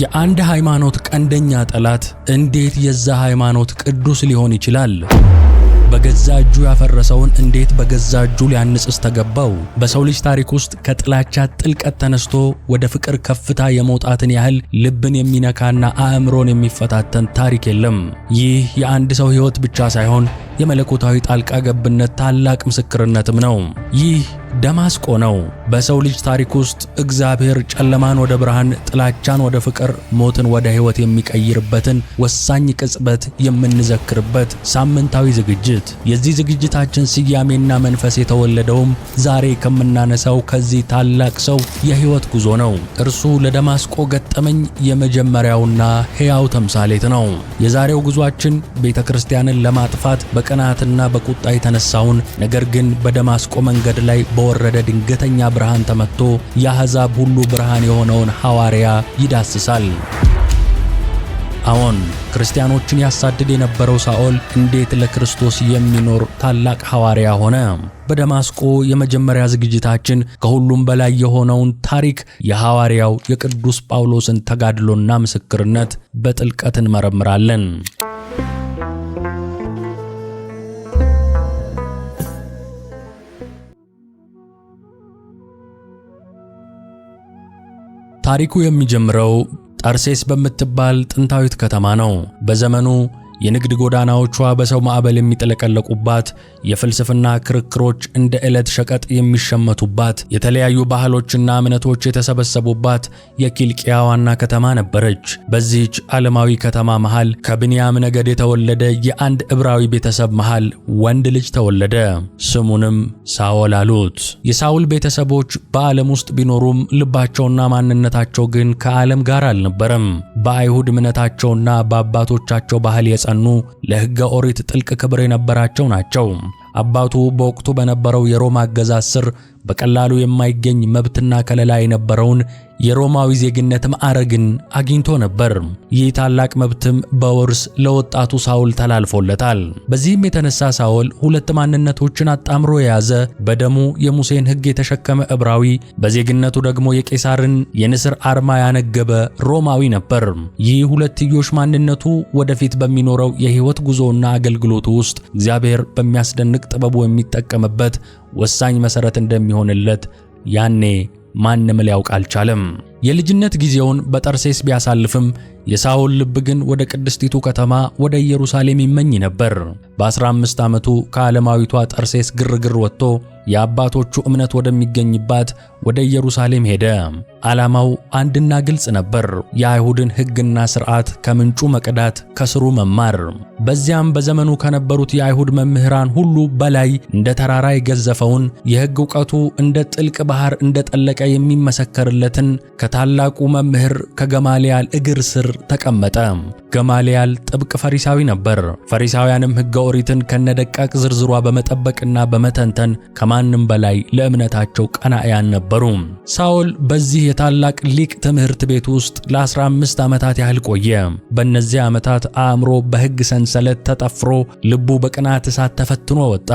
የአንድ ሃይማኖት ቀንደኛ ጠላት እንዴት የዛ ሃይማኖት ቅዱስ ሊሆን ይችላል? በገዛ እጁ ያፈረሰውን እንዴት በገዛ እጁ ሊያንጽስ ተገባው? በሰው ልጅ ታሪክ ውስጥ ከጥላቻ ጥልቀት ተነስቶ ወደ ፍቅር ከፍታ የመውጣትን ያህል ልብን የሚነካና አእምሮን የሚፈታተን ታሪክ የለም። ይህ የአንድ ሰው ሕይወት ብቻ ሳይሆን የመለኮታዊ ጣልቃ ገብነት ታላቅ ምስክርነትም ነው። ይህ ደማስቆ ነው። በሰው ልጅ ታሪክ ውስጥ እግዚአብሔር ጨለማን ወደ ብርሃን፣ ጥላቻን ወደ ፍቅር፣ ሞትን ወደ ሕይወት የሚቀይርበትን ወሳኝ ቅጽበት የምንዘክርበት ሳምንታዊ ዝግጅት። የዚህ ዝግጅታችን ስያሜና መንፈስ የተወለደውም ዛሬ ከምናነሳው ከዚህ ታላቅ ሰው የሕይወት ጉዞ ነው። እርሱ ለደማስቆ ገጠመኝ የመጀመሪያውና ሕያው ተምሳሌት ነው። የዛሬው ጉዟችን ቤተ ክርስቲያንን ለማጥፋት በቀናትና በቁጣ የተነሳውን ነገር ግን በደማስቆ መንገድ ላይ በወረደ ድንገተኛ ብርሃን ተመትቶ የአሕዛብ ሁሉ ብርሃን የሆነውን ሐዋርያ ይዳስሳል። አዎን ክርስቲያኖችን ያሳድድ የነበረው ሳኦል እንዴት ለክርስቶስ የሚኖር ታላቅ ሐዋርያ ሆነ? በደማስቆ የመጀመሪያ ዝግጅታችን ከሁሉም በላይ የሆነውን ታሪክ የሐዋርያው የቅዱስ ጳውሎስን ተጋድሎና ምስክርነት በጥልቀት እንመረምራለን። ታሪኩ የሚጀምረው ጠርሴስ በምትባል ጥንታዊት ከተማ ነው። በዘመኑ የንግድ ጎዳናዎቿ በሰው ማዕበል የሚጥለቀለቁባት፣ የፍልስፍና ክርክሮች እንደ ዕለት ሸቀጥ የሚሸመቱባት፣ የተለያዩ ባህሎችና እምነቶች የተሰበሰቡባት የኪልቅያ ዋና ከተማ ነበረች። በዚህች ዓለማዊ ከተማ መሃል ከብንያም ነገድ የተወለደ የአንድ ዕብራዊ ቤተሰብ መሃል ወንድ ልጅ ተወለደ። ስሙንም ሳኦል አሉት። የሳኦል ቤተሰቦች በዓለም ውስጥ ቢኖሩም ልባቸውና ማንነታቸው ግን ከዓለም ጋር አልነበረም። በአይሁድ እምነታቸውና በአባቶቻቸው ባህል የጸኑ ለሕገ ኦሪት ጥልቅ ክብር የነበራቸው ናቸው። አባቱ በወቅቱ በነበረው የሮማ አገዛዝ ስር በቀላሉ የማይገኝ መብትና ከለላ የነበረውን የሮማዊ ዜግነት ማዕረግን አግኝቶ ነበር። ይህ ታላቅ መብትም በውርስ ለወጣቱ ሳውል ተላልፎለታል። በዚህም የተነሳ ሳውል ሁለት ማንነቶችን አጣምሮ የያዘ በደሙ የሙሴን ሕግ የተሸከመ ዕብራዊ፣ በዜግነቱ ደግሞ የቄሳርን የንስር አርማ ያነገበ ሮማዊ ነበር። ይህ ሁለትዮሽ ማንነቱ ወደፊት በሚኖረው የሕይወት ጉዞና አገልግሎቱ ውስጥ እግዚአብሔር በሚያስደንቅ ጥበቡ የሚጠቀምበት ወሳኝ መሠረት እንደሚሆንለት ያኔ ማንም ሊያውቅ አልቻለም። የልጅነት ጊዜውን በጠርሴስ ቢያሳልፍም የሳኦል ልብ ግን ወደ ቅድስቲቱ ከተማ ወደ ኢየሩሳሌም ይመኝ ነበር። በ15 ዓመቱ ከዓለማዊቷ ጠርሴስ ግርግር ወጥቶ የአባቶቹ እምነት ወደሚገኝባት ወደ ኢየሩሳሌም ሄደ። ዓላማው አንድና ግልጽ ነበር፤ የአይሁድን ሕግና ሥርዓት ከምንጩ መቅዳት፣ ከስሩ መማር። በዚያም በዘመኑ ከነበሩት የአይሁድ መምህራን ሁሉ በላይ እንደ ተራራ የገዘፈውን የሕግ ዕውቀቱ እንደ ጥልቅ ባሕር እንደጠለቀ የሚመሰከርለትን ከታላቁ መምህር ከገማልያል እግር ስር ስር ተቀመጠ። ገማልያል ጥብቅ ፈሪሳዊ ነበር። ፈሪሳውያንም ሕገ ኦሪትን ከነደቃቅ ዝርዝሯ በመጠበቅና በመተንተን ከማንም በላይ ለእምነታቸው ቀናእያን ነበሩ። ሳኦል በዚህ የታላቅ ሊቅ ትምህርት ቤት ውስጥ ለ15 ዓመታት ያህል ቆየ። በእነዚህ ዓመታት አእምሮ በሕግ ሰንሰለት ተጠፍሮ ልቡ በቅናት እሳት ተፈትኖ ወጣ።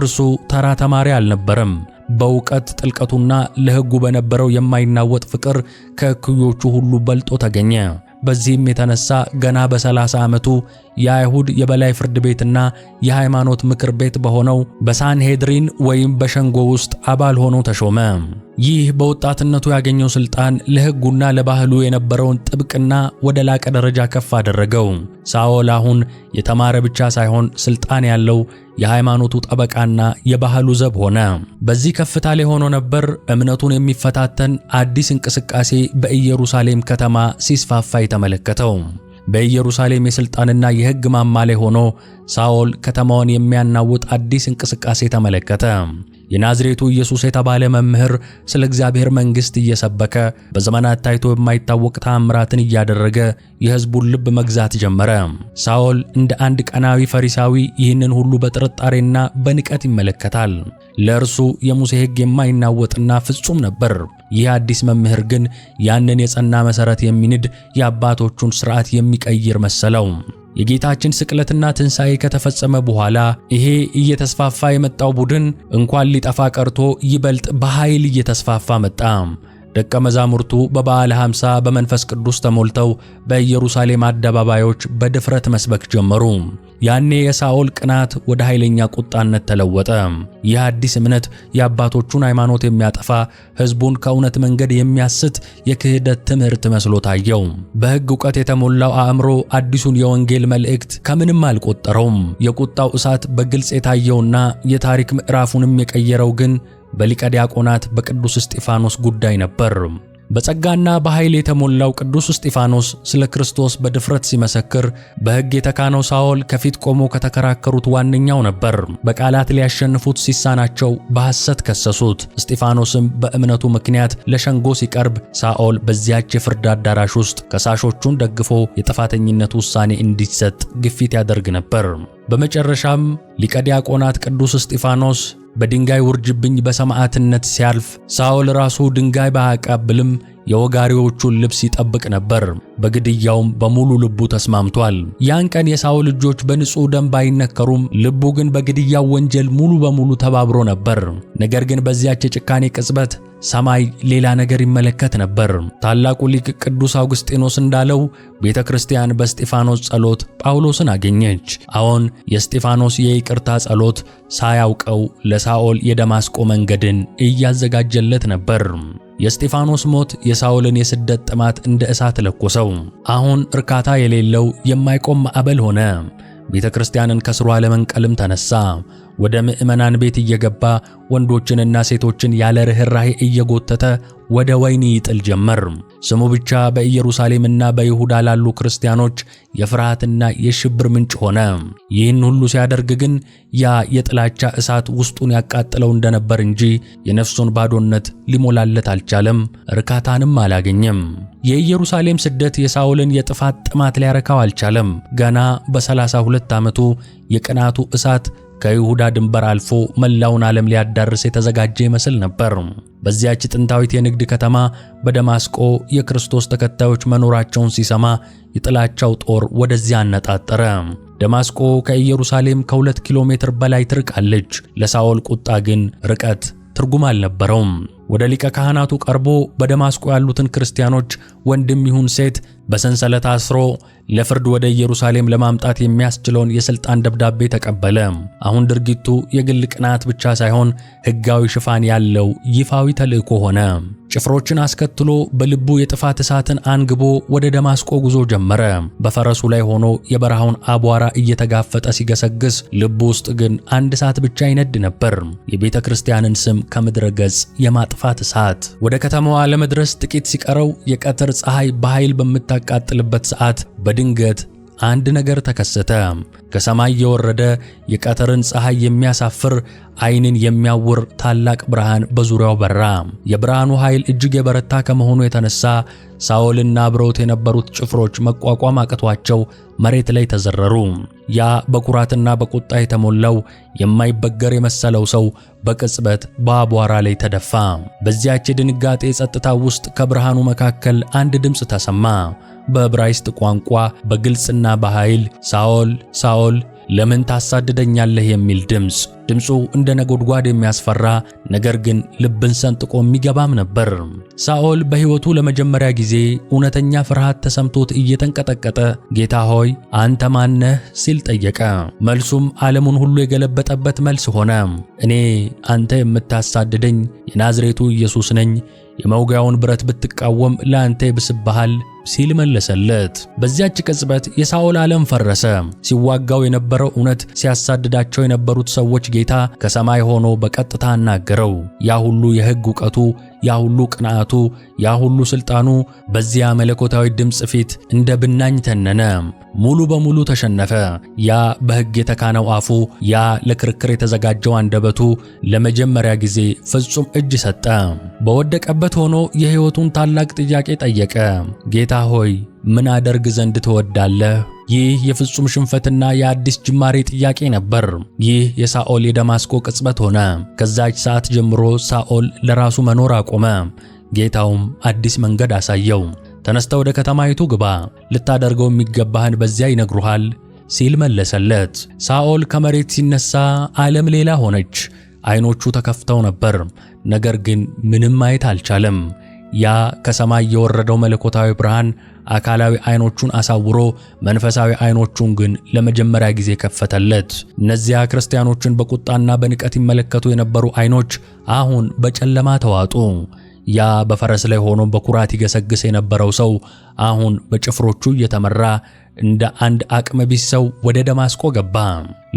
እርሱ ተራ ተማሪ አልነበረም። በእውቀት ጥልቀቱና ለሕጉ በነበረው የማይናወጥ ፍቅር ከእኩዮቹ ሁሉ በልጦ ተገኘ። በዚህም የተነሳ ገና በ30 ዓመቱ የአይሁድ የበላይ ፍርድ ቤትና የሃይማኖት ምክር ቤት በሆነው በሳንሄድሪን ወይም በሸንጎ ውስጥ አባል ሆኖ ተሾመ። ይህ በወጣትነቱ ያገኘው ስልጣን ለሕጉና ለባህሉ የነበረውን ጥብቅና ወደ ላቀ ደረጃ ከፍ አደረገው። ሳኦል አሁን የተማረ ብቻ ሳይሆን ስልጣን ያለው የሃይማኖቱ ጠበቃና የባህሉ ዘብ ሆነ። በዚህ ከፍታ ላይ ሆኖ ነበር እምነቱን የሚፈታተን አዲስ እንቅስቃሴ በኢየሩሳሌም ከተማ ሲስፋፋ የተመለከተው። በኢየሩሳሌም የሥልጣንና የሕግ ማማ ላይ ሆኖ ሳኦል ከተማውን የሚያናውጥ አዲስ እንቅስቃሴ ተመለከተ። የናዝሬቱ ኢየሱስ የተባለ መምህር ስለ እግዚአብሔር መንግሥት እየሰበከ በዘመናት ታይቶ የማይታወቅ ተአምራትን እያደረገ የሕዝቡን ልብ መግዛት ጀመረ። ሳኦል እንደ አንድ ቀናዊ ፈሪሳዊ ይህንን ሁሉ በጥርጣሬና በንቀት ይመለከታል። ለእርሱ የሙሴ ሕግ የማይናወጥና ፍጹም ነበር። ይህ አዲስ መምህር ግን ያንን የጸና መሠረት የሚንድ የአባቶቹን ሥርዓት የሚቀይር መሰለው። የጌታችን ስቅለትና ትንሣኤ ከተፈጸመ በኋላ ይሄ እየተስፋፋ የመጣው ቡድን እንኳን ሊጠፋ ቀርቶ ይበልጥ በኃይል እየተስፋፋ መጣ። ደቀ መዛሙርቱ በበዓለ ሃምሳ በመንፈስ ቅዱስ ተሞልተው በኢየሩሳሌም አደባባዮች በድፍረት መስበክ ጀመሩ። ያኔ የሳኦል ቅናት ወደ ኃይለኛ ቁጣነት ተለወጠ። ይህ አዲስ እምነት የአባቶቹን ሃይማኖት የሚያጠፋ ሕዝቡን ከእውነት መንገድ የሚያስት የክህደት ትምህርት መስሎ ታየው። በሕግ ዕውቀት የተሞላው አእምሮ አዲሱን የወንጌል መልእክት ከምንም አልቆጠረውም። የቁጣው እሳት በግልጽ የታየውና የታሪክ ምዕራፉንም የቀየረው ግን በሊቀ ዲያቆናት በቅዱስ እስጢፋኖስ ጉዳይ ነበር። በጸጋና በኃይል የተሞላው ቅዱስ እስጢፋኖስ ስለ ክርስቶስ በድፍረት ሲመሰክር፣ በሕግ የተካነው ሳኦል ከፊት ቆሞ ከተከራከሩት ዋነኛው ነበር። በቃላት ሊያሸንፉት ሲሳናቸው በሐሰት ከሰሱት። እስጢፋኖስም በእምነቱ ምክንያት ለሸንጎ ሲቀርብ፣ ሳኦል በዚያች የፍርድ አዳራሽ ውስጥ ከሳሾቹን ደግፎ የጥፋተኝነት ውሳኔ እንዲሰጥ ግፊት ያደርግ ነበር። በመጨረሻም ሊቀ ዲያቆናት ቅዱስ እስጢፋኖስ በድንጋይ ውርጅብኝ በሰማዕትነት ሲያልፍ ሳኦል ራሱ ድንጋይ ባያቀብልም የወጋሪዎቹን ልብስ ይጠብቅ ነበር። በግድያውም በሙሉ ልቡ ተስማምቷል። ያን ቀን የሳኦል እጆች በንጹሕ ደም ባይነከሩም ልቡ ግን በግድያው ወንጀል ሙሉ በሙሉ ተባብሮ ነበር። ነገር ግን በዚያች የጭካኔ ቅጽበት ሰማይ ሌላ ነገር ይመለከት ነበር። ታላቁ ሊቅ ቅዱስ አውግስጢኖስ እንዳለው ቤተ ክርስቲያን በእስጢፋኖስ ጸሎት ጳውሎስን አገኘች። አዎን የእስጢፋኖስ የይቅርታ ጸሎት ሳያውቀው ለሳኦል የደማስቆ መንገድን እያዘጋጀለት ነበር። የእስጢፋኖስ ሞት የሳኦልን የስደት ጥማት እንደ እሳት ለኮሰው። አሁን እርካታ የሌለው የማይቆም ማዕበል ሆነ። ቤተ ክርስቲያንን ከስሯ ለመንቀልም ተነሳ። ወደ ምዕመናን ቤት እየገባ ወንዶችንና ሴቶችን ያለ ርኅራኄ እየጎተተ ወደ ወህኒ ይጥል ጀመር። ስሙ ብቻ በኢየሩሳሌምና በይሁዳ ላሉ ክርስቲያኖች የፍርሃትና የሽብር ምንጭ ሆነ። ይህን ሁሉ ሲያደርግ ግን ያ የጥላቻ እሳት ውስጡን ያቃጥለው እንደነበር እንጂ የነፍሱን ባዶነት ሊሞላለት አልቻለም፣ እርካታንም አላገኘም። የኢየሩሳሌም ስደት የሳውልን የጥፋት ጥማት ሊያረካው አልቻለም። ገና በ32 ዓመቱ የቅናቱ እሳት ከይሁዳ ድንበር አልፎ መላውን ዓለም ሊያዳርስ የተዘጋጀ ይመስል ነበር። በዚያች ጥንታዊት የንግድ ከተማ በደማስቆ የክርስቶስ ተከታዮች መኖራቸውን ሲሰማ የጥላቻው ጦር ወደዚያ አነጣጠረ። ደማስቆ ከኢየሩሳሌም ከሁለት ኪሎ ሜትር በላይ ትርቃለች። ለሳኦል ቁጣ ግን ርቀት ትርጉም አልነበረውም። ወደ ሊቀ ካህናቱ ቀርቦ በደማስቆ ያሉትን ክርስቲያኖች ወንድም ይሁን ሴት በሰንሰለት አስሮ ለፍርድ ወደ ኢየሩሳሌም ለማምጣት የሚያስችለውን የሥልጣን ደብዳቤ ተቀበለ። አሁን ድርጊቱ የግል ቅናት ብቻ ሳይሆን ሕጋዊ ሽፋን ያለው ይፋዊ ተልእኮ ሆነ። ጭፍሮችን አስከትሎ በልቡ የጥፋት እሳትን አንግቦ ወደ ደማስቆ ጉዞ ጀመረ። በፈረሱ ላይ ሆኖ የበረሃውን አቧራ እየተጋፈጠ ሲገሰግስ፣ ልቡ ውስጥ ግን አንድ እሳት ብቻ ይነድ ነበር፤ የቤተ ክርስቲያንን ስም ከምድረ ገጽ የማጥ የማጥፋት እሳት። ወደ ከተማዋ ለመድረስ ጥቂት ሲቀረው የቀትር ፀሐይ በኃይል በምታቃጥልበት ሰዓት በድንገት አንድ ነገር ተከሰተ። ከሰማይ የወረደ የቀትርን ፀሐይ የሚያሳፍር ዓይንን የሚያውር ታላቅ ብርሃን በዙሪያው በራ። የብርሃኑ ኃይል እጅግ የበረታ ከመሆኑ የተነሳ ሳኦልና አብረውት የነበሩት ጭፍሮች መቋቋም አቅቷቸው መሬት ላይ ተዘረሩ። ያ በኩራትና በቁጣ የተሞላው የማይበገር የመሰለው ሰው በቅጽበት በአቧራ ላይ ተደፋ። በዚያች የድንጋጤ ጸጥታ ውስጥ ከብርሃኑ መካከል አንድ ድምፅ ተሰማ። በዕብራይስጥ ቋንቋ በግልጽና በኃይል ሳኦል ሳኦል ለምን ታሳድደኛለህ የሚል ድምፅ። ድምፁ እንደ ነጎድጓድ የሚያስፈራ ነገር ግን ልብን ሰንጥቆ የሚገባም ነበር። ሳኦል በሕይወቱ ለመጀመሪያ ጊዜ እውነተኛ ፍርሃት ተሰምቶት እየተንቀጠቀጠ ጌታ ሆይ አንተ ማነህ ሲል ጠየቀ። መልሱም ዓለሙን ሁሉ የገለበጠበት መልስ ሆነ። እኔ አንተ የምታሳድደኝ የናዝሬቱ ኢየሱስ ነኝ። የመውጊያውን ብረት ብትቃወም ለአንተ ይብስብሃል ሲል መለሰለት። በዚያች ቅጽበት የሳኦል ዓለም ፈረሰ። ሲዋጋው የነበረው እውነት፣ ሲያሳድዳቸው የነበሩት ሰዎች ጌታ ከሰማይ ሆኖ በቀጥታ አናገረው። ያ ሁሉ የሕግ እውቀቱ ያ ሁሉ ቅንዓቱ፣ ያ ሁሉ ሥልጣኑ በዚያ መለኮታዊ ድምፅ ፊት እንደ ብናኝ ተነነ፣ ሙሉ በሙሉ ተሸነፈ። ያ በሕግ የተካነው አፉ፣ ያ ለክርክር የተዘጋጀው አንደበቱ ለመጀመሪያ ጊዜ ፍጹም እጅ ሰጠ። በወደቀበት ሆኖ የሕይወቱን ታላቅ ጥያቄ ጠየቀ። ጌታ ሆይ ምን አደርግ ዘንድ ትወዳለህ? ይህ የፍጹም ሽንፈትና የአዲስ ጅማሬ ጥያቄ ነበር። ይህ የሳኦል የደማስቆ ቅጽበት ሆነ። ከዛች ሰዓት ጀምሮ ሳኦል ለራሱ መኖር አቆመ። ጌታውም አዲስ መንገድ አሳየው። ተነስተ ወደ ከተማይቱ ግባ፣ ልታደርገው የሚገባህን በዚያ ይነግሩሃል ሲል መለሰለት። ሳኦል ከመሬት ሲነሳ ዓለም ሌላ ሆነች። አይኖቹ ተከፍተው ነበር፣ ነገር ግን ምንም ማየት አልቻለም። ያ ከሰማይ የወረደው መለኮታዊ ብርሃን አካላዊ አይኖቹን አሳውሮ መንፈሳዊ አይኖቹን ግን ለመጀመሪያ ጊዜ ከፈተለት። እነዚያ ክርስቲያኖችን በቁጣና በንቀት ይመለከቱ የነበሩ አይኖች አሁን በጨለማ ተዋጡ። ያ በፈረስ ላይ ሆኖ በኩራት ይገሰግስ የነበረው ሰው አሁን በጭፍሮቹ እየተመራ እንደ አንድ አቅመ ቢስ ሰው ወደ ደማስቆ ገባ።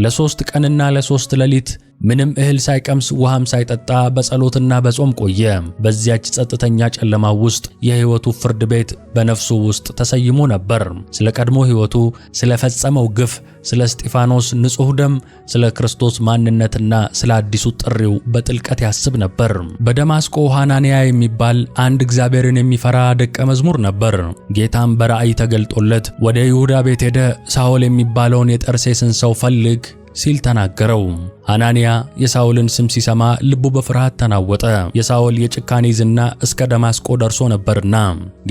ለሦስት ቀንና ለሦስት ሌሊት ምንም እህል ሳይቀምስ ውሃም ሳይጠጣ በጸሎትና በጾም ቆየ። በዚያች ጸጥተኛ ጨለማ ውስጥ የሕይወቱ ፍርድ ቤት በነፍሱ ውስጥ ተሰይሞ ነበር። ስለ ቀድሞ ሕይወቱ፣ ስለ ፈጸመው ግፍ፣ ስለ እስጢፋኖስ ንጹሕ ደም፣ ስለ ክርስቶስ ማንነትና ስለ አዲሱ ጥሪው በጥልቀት ያስብ ነበር። በደማስቆ ሐናንያ የሚባል አንድ እግዚአብሔርን የሚፈራ ደቀ መዝሙር ነበር። ጌታም በራእይ ተገልጦለት ወደ ይሁዳ ቤት ሄደ፣ ሳኦል የሚባለውን የጠርሴስን ሰው ፈልግ ሲል ተናገረው። አናንያ የሳውልን ስም ሲሰማ ልቡ በፍርሃት ተናወጠ። የሳውል የጭካኔ ዝና እስከ ደማስቆ ደርሶ ነበርና፣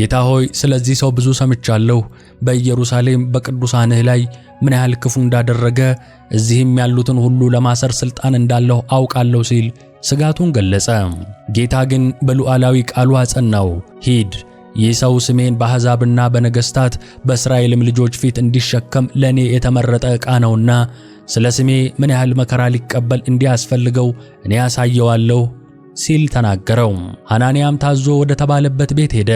ጌታ ሆይ ስለዚህ ሰው ብዙ ሰምቻለሁ፣ በኢየሩሳሌም በቅዱሳንህ ላይ ምን ያህል ክፉ እንዳደረገ፣ እዚህም ያሉትን ሁሉ ለማሰር ሥልጣን እንዳለው አውቃለሁ ሲል ስጋቱን ገለጸ። ጌታ ግን በሉዓላዊ ቃሉ አጸናው። ሂድ ይህ ሰው ስሜን በአሕዛብና በነገሥታት በእስራኤልም ልጆች ፊት እንዲሸከም ለእኔ የተመረጠ ዕቃ ነውና ስለ ስሜ ምን ያህል መከራ ሊቀበል እንዲያስፈልገው እኔ ያሳየዋለሁ ሲል ተናገረው። ሐናንያም ታዞ ወደ ተባለበት ቤት ሄደ።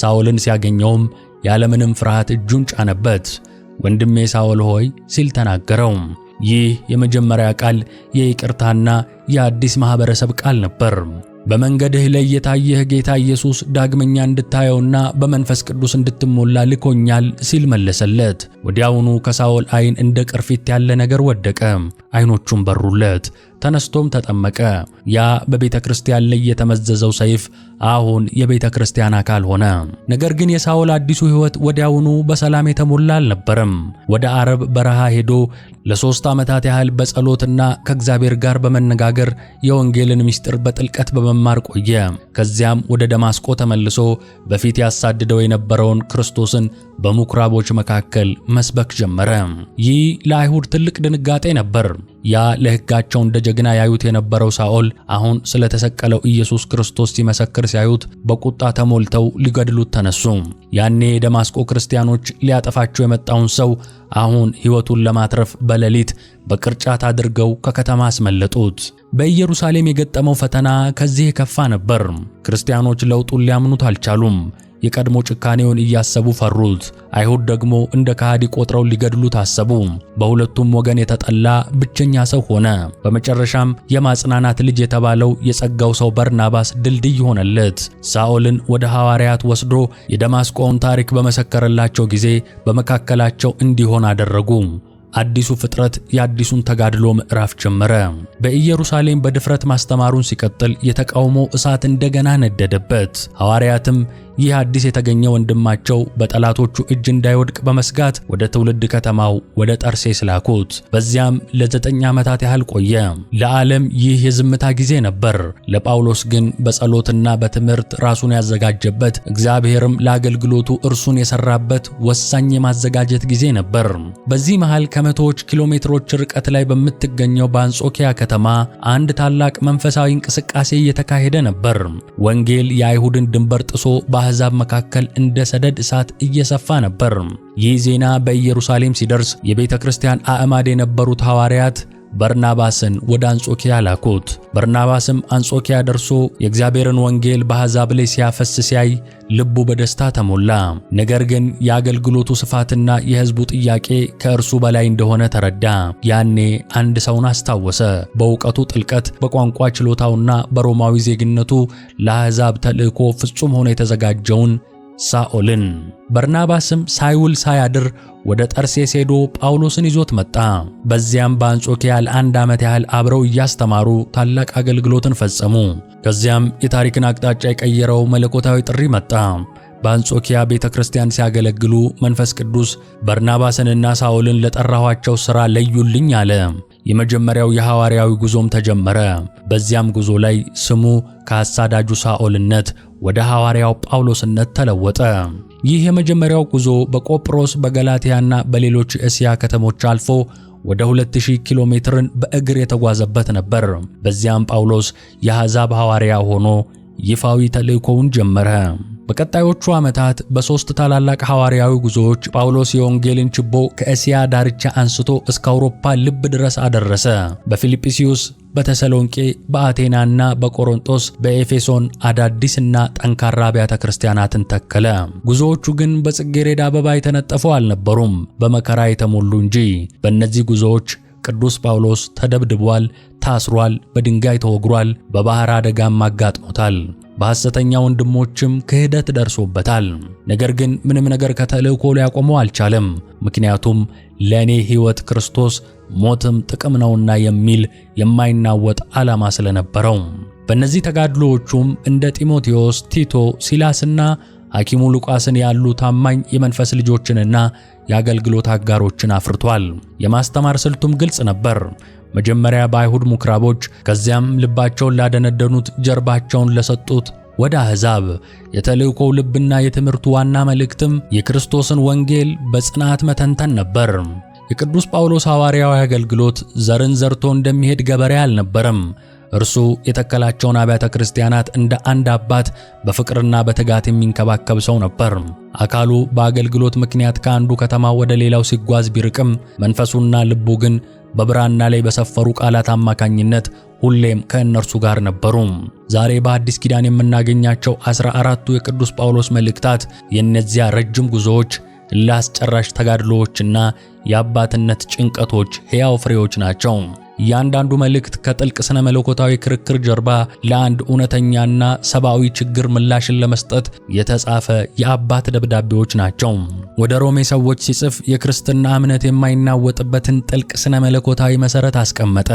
ሳውልን ሲያገኘውም ያለምንም ፍርሃት እጁን ጫነበት። ወንድሜ ሳውል ሆይ ሲል ተናገረው። ይህ የመጀመሪያ ቃል የይቅርታና የአዲስ ማህበረሰብ ቃል ነበር። በመንገድህ ላይ የታየህ ጌታ ኢየሱስ ዳግመኛ እንድታየውና በመንፈስ ቅዱስ እንድትሞላ ልኮኛል ሲል መለሰለት። ወዲያውኑ ከሳኦል ዓይን እንደ ቅርፊት ያለ ነገር ወደቀ፣ ዓይኖቹም በሩለት። ተነስቶም ተጠመቀ። ያ በቤተ ክርስቲያን ላይ የተመዘዘው ሰይፍ አሁን የቤተ ክርስቲያን አካል ሆነ። ነገር ግን የሳውል አዲሱ ሕይወት ወዲያውኑ በሰላም የተሞላ አልነበረም። ወደ አረብ በረሃ ሄዶ ለሦስት ዓመታት ያህል በጸሎትና ከእግዚአብሔር ጋር በመነጋገር የወንጌልን ምስጢር በጥልቀት በመማር ቆየ። ከዚያም ወደ ደማስቆ ተመልሶ በፊት ያሳድደው የነበረውን ክርስቶስን በምኵራቦች መካከል መስበክ ጀመረ። ይህ ለአይሁድ ትልቅ ድንጋጤ ነበር። ያ ለሕጋቸው እንደ ጀግና ያዩት የነበረው ሳኦል አሁን ስለተሰቀለው ኢየሱስ ክርስቶስ ሲመሰክር ሲያዩት በቁጣ ተሞልተው ሊገድሉት ተነሱ። ያኔ የደማስቆ ክርስቲያኖች ሊያጠፋቸው የመጣውን ሰው አሁን ሕይወቱን ለማትረፍ በሌሊት በቅርጫት አድርገው ከከተማ አስመለጡት። በኢየሩሳሌም የገጠመው ፈተና ከዚህ የከፋ ነበር። ክርስቲያኖች ለውጡን ሊያምኑት አልቻሉም። የቀድሞ ጭካኔውን እያሰቡ ፈሩት። አይሁድ ደግሞ እንደ ከሃዲ ቆጥረው ሊገድሉት አሰቡ። በሁለቱም ወገን የተጠላ ብቸኛ ሰው ሆነ። በመጨረሻም የማጽናናት ልጅ የተባለው የጸጋው ሰው በርናባስ ድልድይ ሆነለት። ሳኦልን ወደ ሐዋርያት ወስዶ የደማስቆውን ታሪክ በመሰከረላቸው ጊዜ በመካከላቸው እንዲሆን አደረጉ። አዲሱ ፍጥረት የአዲሱን ተጋድሎ ምዕራፍ ጀመረ። በኢየሩሳሌም በድፍረት ማስተማሩን ሲቀጥል የተቃውሞ እሳት እንደገና ነደደበት። ሐዋርያትም ይህ አዲስ የተገኘ ወንድማቸው በጠላቶቹ እጅ እንዳይወድቅ በመስጋት ወደ ትውልድ ከተማው ወደ ጠርሴስ ላኩት። በዚያም ለዘጠኝ ዓመታት ያህል ቆየ። ለዓለም ይህ የዝምታ ጊዜ ነበር። ለጳውሎስ ግን በጸሎትና በትምህርት ራሱን ያዘጋጀበት፣ እግዚአብሔርም ለአገልግሎቱ እርሱን የሰራበት ወሳኝ የማዘጋጀት ጊዜ ነበር። በዚህ መሃል ከመቶዎች ኪሎ ሜትሮች ርቀት ላይ በምትገኘው በአንጾኪያ ከተማ አንድ ታላቅ መንፈሳዊ እንቅስቃሴ እየተካሄደ ነበር። ወንጌል የአይሁድን ድንበር ጥሶ አሕዛብ መካከል እንደ ሰደድ እሳት እየሰፋ ነበር። ይህ ዜና በኢየሩሳሌም ሲደርስ የቤተ ክርስቲያን አዕማድ የነበሩት ሐዋርያት በርናባስን ወደ አንጾኪያ ላኩት። በርናባስም አንጾኪያ ደርሶ የእግዚአብሔርን ወንጌል በአሕዛብ ላይ ሲያፈስ ሲያይ ልቡ በደስታ ተሞላ። ነገር ግን የአገልግሎቱ ስፋትና የሕዝቡ ጥያቄ ከእርሱ በላይ እንደሆነ ተረዳ። ያኔ አንድ ሰውን አስታወሰ። በእውቀቱ ጥልቀት፣ በቋንቋ ችሎታውና በሮማዊ ዜግነቱ ለአሕዛብ ተልእኮ ፍጹም ሆኖ የተዘጋጀውን ሳኦልን። በርናባስም ሳይውል ሳያድር ወደ ጠርሴስ ሄዶ ጳውሎስን ይዞት መጣ። በዚያም በአንጾኪያ ለአንድ ዓመት ያህል አብረው እያስተማሩ ታላቅ አገልግሎትን ፈጸሙ። ከዚያም የታሪክን አቅጣጫ የቀየረው መለኮታዊ ጥሪ መጣ። በአንጾኪያ ቤተ ክርስቲያን ሲያገለግሉ መንፈስ ቅዱስ በርናባስንና ሳኦልን ለጠራኋቸው ሥራ ለዩልኝ አለ። የመጀመሪያው የሐዋርያዊ ጉዞም ተጀመረ። በዚያም ጉዞ ላይ ስሙ ከአሳዳጁ ሳኦልነት ወደ ሐዋርያው ጳውሎስነት ተለወጠ። ይህ የመጀመሪያው ጉዞ በቆጵሮስ በገላትያና በሌሎች የእስያ ከተሞች አልፎ ወደ 2000 ኪሎ ሜትርን በእግር የተጓዘበት ነበር። በዚያም ጳውሎስ የአሕዛብ ሐዋርያ ሆኖ ይፋዊ ተልእኮውን ጀመረ። በቀጣዮቹ ዓመታት በሦስት ታላላቅ ሐዋርያዊ ጉዞዎች ጳውሎስ የወንጌልን ችቦ ከእስያ ዳርቻ አንስቶ እስከ አውሮፓ ልብ ድረስ አደረሰ። በፊልጵስዩስ፣ በተሰሎንቄ፣ በአቴናና በቆሮንጦስ በኤፌሶን አዳዲስና ጠንካራ አብያተ ክርስቲያናትን ተከለ። ጉዞዎቹ ግን በጽጌረዳ አበባ የተነጠፉ አልነበሩም፣ በመከራ የተሞሉ እንጂ። በእነዚህ ጉዞዎች ቅዱስ ጳውሎስ ተደብድቧል፣ ታስሯል፣ በድንጋይ ተወግሯል፣ በባሕር አደጋም አጋጥሞታል። በሐሰተኛ ወንድሞችም ክህደት ደርሶበታል። ነገር ግን ምንም ነገር ከተልእኮ ሊያቆመው አልቻለም። ምክንያቱም ለእኔ ሕይወት ክርስቶስ ሞትም ጥቅም ነውና የሚል የማይናወጥ ዓላማ ስለነበረው በእነዚህ ተጋድሎዎቹም እንደ ጢሞቴዎስ፣ ቲቶ፣ ሲላስና ሐኪሙ ሉቃስን ያሉ ታማኝ የመንፈስ ልጆችንና የአገልግሎት አጋሮችን አፍርቷል። የማስተማር ስልቱም ግልጽ ነበር። መጀመሪያ በአይሁድ ምኵራቦች፣ ከዚያም ልባቸውን ላደነደኑት ጀርባቸውን ለሰጡት ወደ አሕዛብ የተልእኮው ልብና የትምህርቱ ዋና መልእክትም የክርስቶስን ወንጌል በጽናት መተንተን ነበር። የቅዱስ ጳውሎስ ሐዋርያዊ አገልግሎት ዘርን ዘርቶ እንደሚሄድ ገበሬ አልነበረም። እርሱ የተከላቸውን አብያተ ክርስቲያናት እንደ አንድ አባት በፍቅርና በትጋት የሚንከባከብ ሰው ነበር። አካሉ በአገልግሎት ምክንያት ከአንዱ ከተማ ወደ ሌላው ሲጓዝ ቢርቅም መንፈሱና ልቡ ግን በብራና ላይ በሰፈሩ ቃላት አማካኝነት ሁሌም ከእነርሱ ጋር ነበሩ። ዛሬ በአዲስ ኪዳን የምናገኛቸው አስራ አራቱ የቅዱስ ጳውሎስ መልእክታት የእነዚያ ረጅም ጉዞዎች፣ ላስጨራሽ ተጋድሎዎችና የአባትነት ጭንቀቶች ሕያው ፍሬዎች ናቸው። እያንዳንዱ መልእክት ከጥልቅ ስነ መለኮታዊ ክርክር ጀርባ ለአንድ እውነተኛና ሰብአዊ ችግር ምላሽን ለመስጠት የተጻፈ የአባት ደብዳቤዎች ናቸው። ወደ ሮሜ ሰዎች ሲጽፍ የክርስትና እምነት የማይናወጥበትን ጥልቅ ስነ መለኮታዊ መሠረት አስቀመጠ።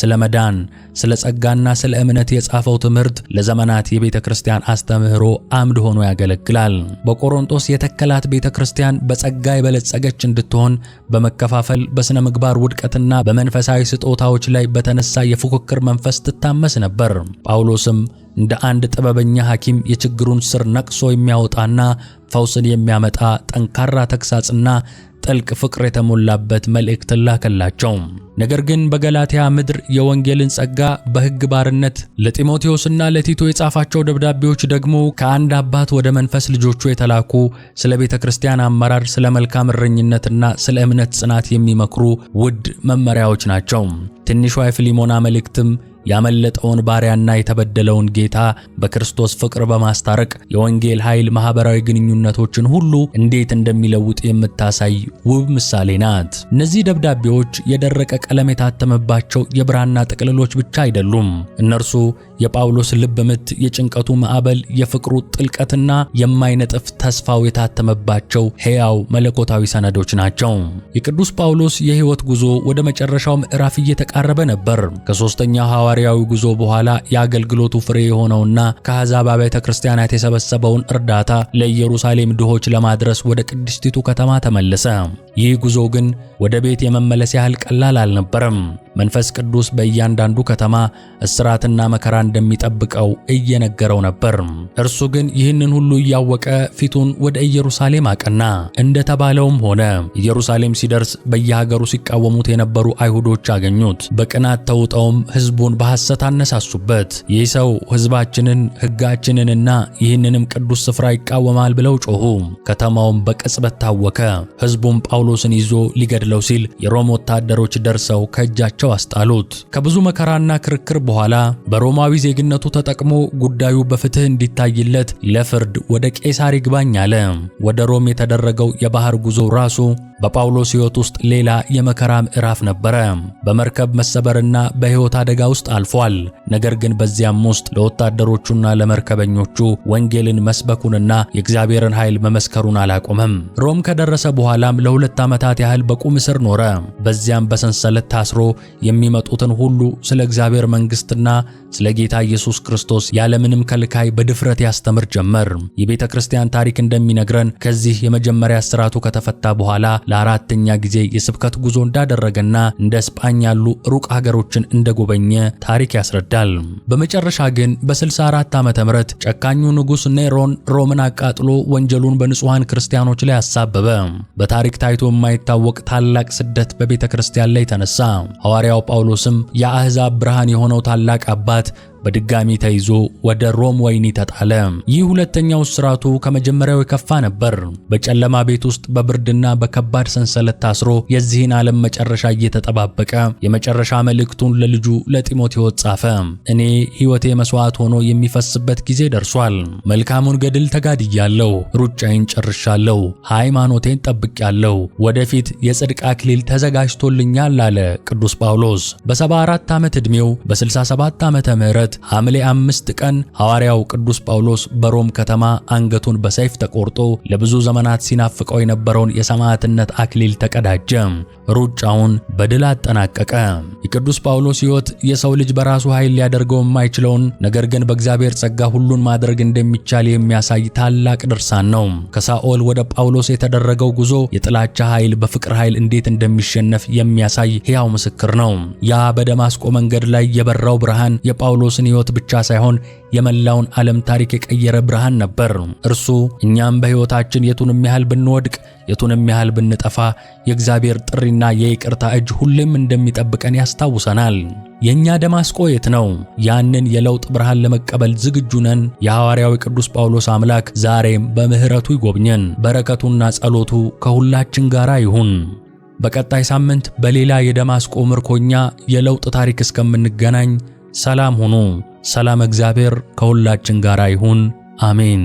ስለ መዳን፣ ስለ ጸጋና ስለ እምነት የጻፈው ትምህርት ለዘመናት የቤተ ክርስቲያን አስተምህሮ አምድ ሆኖ ያገለግላል። በቆሮንቶስ የተከላት ቤተ ክርስቲያን በጸጋ የበለጸገች እንድትሆን በመከፋፈል በሥነ ምግባር ውድቀትና በመንፈሳዊ ስጦታዎች ላይ በተነሳ የፉክክር መንፈስ ትታመስ ነበር። ጳውሎስም እንደ አንድ ጥበበኛ ሐኪም የችግሩን ስር ነቅሶ የሚያወጣና ፈውስን የሚያመጣ ጠንካራ ተግሳጽና ጥልቅ ፍቅር የተሞላበት መልእክት ላከላቸው። ነገር ግን በገላትያ ምድር የወንጌልን ጸጋ በሕግ ባርነት ለጢሞቴዎስና ለቲቶ የጻፋቸው ደብዳቤዎች ደግሞ ከአንድ አባት ወደ መንፈስ ልጆቹ የተላኩ ስለ ቤተ ክርስቲያን አመራር፣ ስለ መልካም እረኝነትና ስለ እምነት ጽናት የሚመክሩ ውድ መመሪያዎች ናቸው። ትንሿ የፊሊሞና መልእክትም ያመለጠውን ባሪያና የተበደለውን ጌታ በክርስቶስ ፍቅር በማስታረቅ የወንጌል ኃይል ማኅበራዊ ግንኙነቶችን ሁሉ እንዴት እንደሚለውጥ የምታሳይ ውብ ምሳሌ ናት። እነዚህ ደብዳቤዎች የደረቀ ቀለም የታተመባቸው የብራና ጥቅልሎች ብቻ አይደሉም። እነርሱ የጳውሎስ ልብ ምት፣ የጭንቀቱ ማዕበል፣ የፍቅሩ ጥልቀትና የማይነጥፍ ተስፋው የታተመባቸው ሕያው መለኮታዊ ሰነዶች ናቸው። የቅዱስ ጳውሎስ የሕይወት ጉዞ ወደ መጨረሻው ምዕራፍ እየተቃረበ ነበር። ከሦስተኛው ሐዋርያዊ ጉዞ በኋላ የአገልግሎቱ ፍሬ የሆነውና ከአሕዛብ አብያተ ክርስቲያናት የሰበሰበውን እርዳታ ለኢየሩሳሌም ድሆች ለማድረስ ወደ ቅድስቲቱ ከተማ ተመለሰ። ይህ ጉዞ ግን ወደ ቤት የመመለስ ያህል ቀላል አልነበረም። መንፈስ ቅዱስ በእያንዳንዱ ከተማ እስራትና መከራ እንደሚጠብቀው እየነገረው ነበር። እርሱ ግን ይህንን ሁሉ እያወቀ ፊቱን ወደ ኢየሩሳሌም አቀና። እንደተባለውም ሆነ። ኢየሩሳሌም ሲደርስ በየሀገሩ ሲቃወሙት የነበሩ አይሁዶች አገኙት። በቅናት ተውጠውም ሕዝቡን በሐሰት አነሳሱበት። ይህ ሰው ሕዝባችንን፣ ሕጋችንንና ይህንንም ቅዱስ ስፍራ ይቃወማል ብለው ጮኹ። ከተማውም በቅጽበት ታወከ። ሕዝቡም ጳውሎስን ይዞ ሊገድለው ሲል የሮም ወታደሮች ደርሰው ከእጃቸው ከቤታቸው አስጣሉት። ከብዙ መከራና ክርክር በኋላ በሮማዊ ዜግነቱ ተጠቅሞ ጉዳዩ በፍትህ እንዲታይለት ለፍርድ ወደ ቄሳር ይግባኝ አለ። ወደ ሮም የተደረገው የባህር ጉዞ ራሱ በጳውሎስ ሕይወት ውስጥ ሌላ የመከራ ምዕራፍ ነበረ። በመርከብ መሰበርና በሕይወት አደጋ ውስጥ አልፏል። ነገር ግን በዚያም ውስጥ ለወታደሮቹና ለመርከበኞቹ ወንጌልን መስበኩንና የእግዚአብሔርን ኃይል መመስከሩን አላቆመም። ሮም ከደረሰ በኋላም ለሁለት ዓመታት ያህል በቁም እስር ኖረ። በዚያም በሰንሰለት ታስሮ የሚመጡትን ሁሉ ስለ እግዚአብሔር መንግሥትና ስለ ጌታ ኢየሱስ ክርስቶስ ያለምንም ከልካይ በድፍረት ያስተምር ጀመር። የቤተ ክርስቲያን ታሪክ እንደሚነግረን ከዚህ የመጀመሪያ እስራቱ ከተፈታ በኋላ ለአራተኛ ጊዜ የስብከት ጉዞ እንዳደረገና እንደ ስፓኝ ያሉ ሩቅ ሀገሮችን እንደጎበኘ ታሪክ ያስረዳል። በመጨረሻ ግን በ64 ዓመተ ምህረት ጨካኙ ንጉሥ ኔሮን ሮምን አቃጥሎ ወንጀሉን በንጹሐን ክርስቲያኖች ላይ አሳበበ። በታሪክ ታይቶ የማይታወቅ ታላቅ ስደት በቤተ ክርስቲያን ላይ ተነሳ። ሐዋርያው ጳውሎስም የአሕዛብ ብርሃን የሆነው ታላቅ አባት በድጋሚ ተይዞ ወደ ሮም ወህኒ ተጣለ። ይህ ሁለተኛው እስራቱ ከመጀመሪያው የከፋ ነበር። በጨለማ ቤት ውስጥ በብርድና በከባድ ሰንሰለት ታስሮ የዚህን ዓለም መጨረሻ እየተጠባበቀ የመጨረሻ መልእክቱን ለልጁ ለጢሞቴዎስ ጻፈ። እኔ ሕይወቴ መሥዋዕት ሆኖ የሚፈስበት ጊዜ ደርሷል። መልካሙን ገድል ተጋድያለሁ፣ ሩጫዬን ጨርሻለሁ፣ ሃይማኖቴን ጠብቄያለሁ፣ ወደፊት የጽድቅ አክሊል ተዘጋጅቶልኛል አለ ቅዱስ ጳውሎስ በ74 ዓመት ዕድሜው በ67 ዓመተ ምህረት ዕለት ሐምሌ አምስት ቀን ሐዋርያው ቅዱስ ጳውሎስ በሮም ከተማ አንገቱን በሰይፍ ተቆርጦ ለብዙ ዘመናት ሲናፍቀው የነበረውን የሰማዕትነት አክሊል ተቀዳጀ። ሩጫውን በድል አጠናቀቀ። የቅዱስ ጳውሎስ ሕይወት የሰው ልጅ በራሱ ኃይል ሊያደርገው የማይችለውን ነገር ግን በእግዚአብሔር ጸጋ ሁሉን ማድረግ እንደሚቻል የሚያሳይ ታላቅ ድርሳን ነው። ከሳኦል ወደ ጳውሎስ የተደረገው ጉዞ የጥላቻ ኃይል በፍቅር ኃይል እንዴት እንደሚሸነፍ የሚያሳይ ሕያው ምስክር ነው። ያ በደማስቆ መንገድ ላይ የበራው ብርሃን የጳውሎስን የጳውሎስን ሕይወት ብቻ ሳይሆን የመላውን ዓለም ታሪክ የቀየረ ብርሃን ነበር። እርሱ እኛም በሕይወታችን የቱንም ያህል ብንወድቅ፣ የቱንም ያህል ብንጠፋ የእግዚአብሔር ጥሪና የይቅርታ እጅ ሁሌም እንደሚጠብቀን ያስታውሰናል። የእኛ ደማስቆ የት ነው? ያንን የለውጥ ብርሃን ለመቀበል ዝግጁ ነን? የሐዋርያው ቅዱስ ጳውሎስ አምላክ ዛሬም በምሕረቱ ይጎብኘን። በረከቱና ጸሎቱ ከሁላችን ጋር ይሁን። በቀጣይ ሳምንት በሌላ የደማስቆ ምርኮኛ የለውጥ ታሪክ እስከምንገናኝ ሰላም ሁኑ። ሰላም እግዚአብሔር ከሁላችን ጋር ይሁን። አሜን።